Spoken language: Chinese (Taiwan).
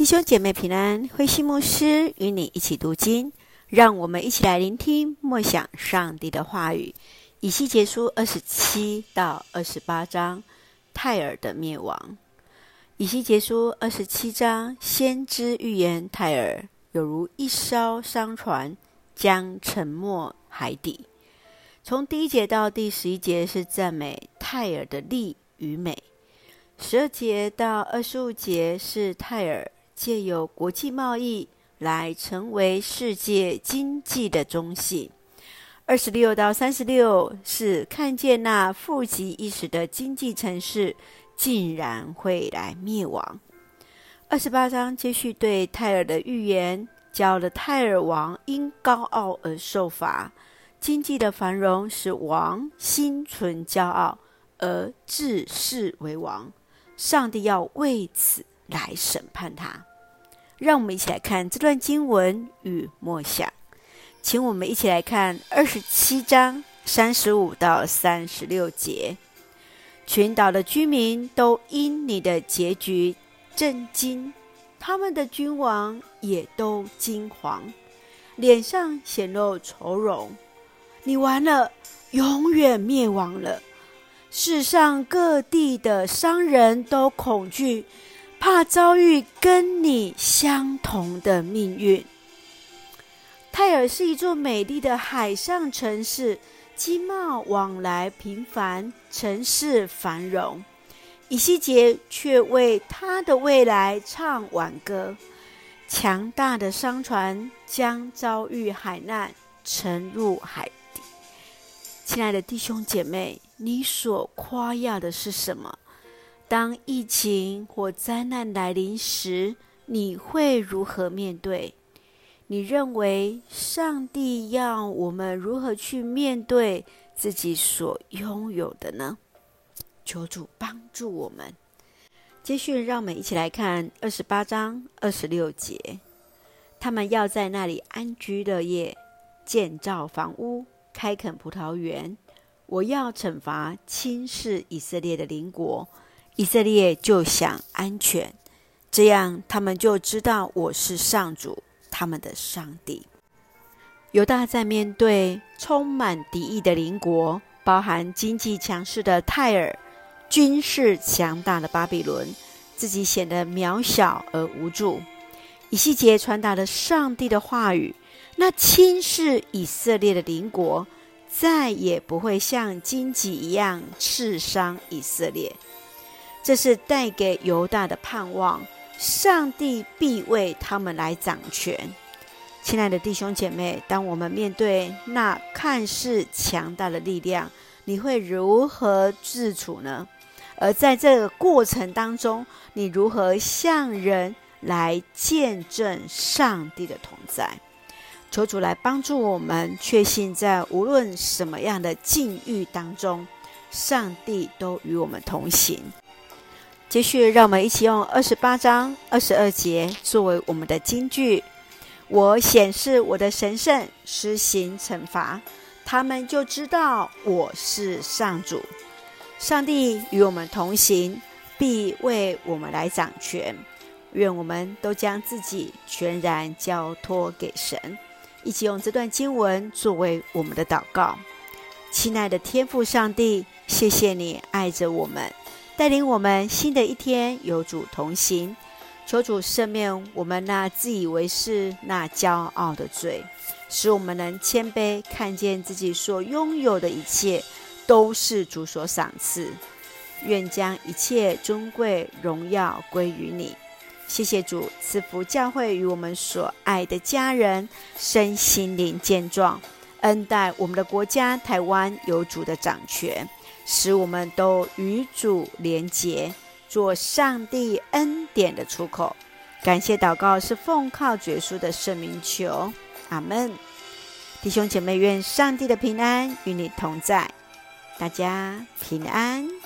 弟兄姐妹平安，慧馨牧師與你一起讀經，讓我們一起來聆聽默想上帝的話語。以西結書二十七到二十八章泰爾的滅亡。以西結書二十七章，先知預言泰爾有如一艘商船將沉沒海底。從第一節到第十一節是讚美泰爾的力與美，十二節到二十五節是泰爾。借由國際貿易來成為世界經濟的中心。二十六到三十六是看見那富極一時的經濟城市竟然會來滅亡。二十八章接續對泰爾的預言，驕傲的泰爾王因高傲而受罰。經濟的繁榮使王心存驕傲而自恃為王，上帝要為此來審判他。讓我們一起來看這段經文與默想，請我們一起來看二十七章三十五到三十六節。群島的居民都因你的結局震驚，他們的君王也都驚惶，臉上顯露愁容。你完了，永遠滅亡了。世上各地的商人都恐懼。怕遭遇跟你相同的命運。泰爾是一座美麗的海上城市，經貿往來頻繁，城市繁榮。以西結卻為他的未來唱輓歌。強大的商船將遭遇海難，沉入海底。親愛的弟兄姐妹，你所誇耀的是什麼？當疫情或災難來臨時，你會如何面對？你認為上帝要我們如何去面對自己所擁有的呢？求主幫助我們。接續，讓我們一起來看二十八章二十六節。他們要在那裡安居樂業，建造房屋，開墾葡萄園。我要懲罰輕視以色列的鄰國。以色列就享安全，這樣，他們就知道我是上主，他們的上帝。猶大在面對充滿敵意的鄰國，包含經濟強勢的泰爾、軍事強大的巴比倫，自己顯得渺小而無助。以西結傳達了上帝的話語：那輕視以色列的鄰國，再也不會像荊棘一樣刺傷以色列。這是帶給猶大的盼望，上帝必為他們來掌權。親愛的弟兄姐妹，當我們面對那看似強大的力量，你會如何自處呢？而在這個過程當中，你如何向人來見證上帝的同在？求主來幫助我們，確信在無論什麼樣的境遇當中，上帝都與我們同行。繼續，讓我們一起用二十八章二十二節作為我們的金句。我顯示我的神聖，施行懲罰，他們就知道我是上主。上帝與我們同行，必為我們來掌權。願我們都將自己全然交托給神，一起用這段經文作為我們的禱告。親愛的天父上帝，謝謝你愛着我們。帶領我們新的一天，有主同行，求主赦免我們那自以為是、那驕傲的罪，使我們能謙卑，看見自己所擁有的一切都是主所賞賜。願將一切尊貴榮耀歸於你。謝謝主賜福教會與我們所愛的家人身心靈健壯，恩待我們的國家台灣有主的掌權。使我們都與主連結，做上帝恩典的出口。感謝禱告是奉靠主耶穌的聖名求，阿門。弟兄姐妹，願上帝的平安與你同在，大家平安。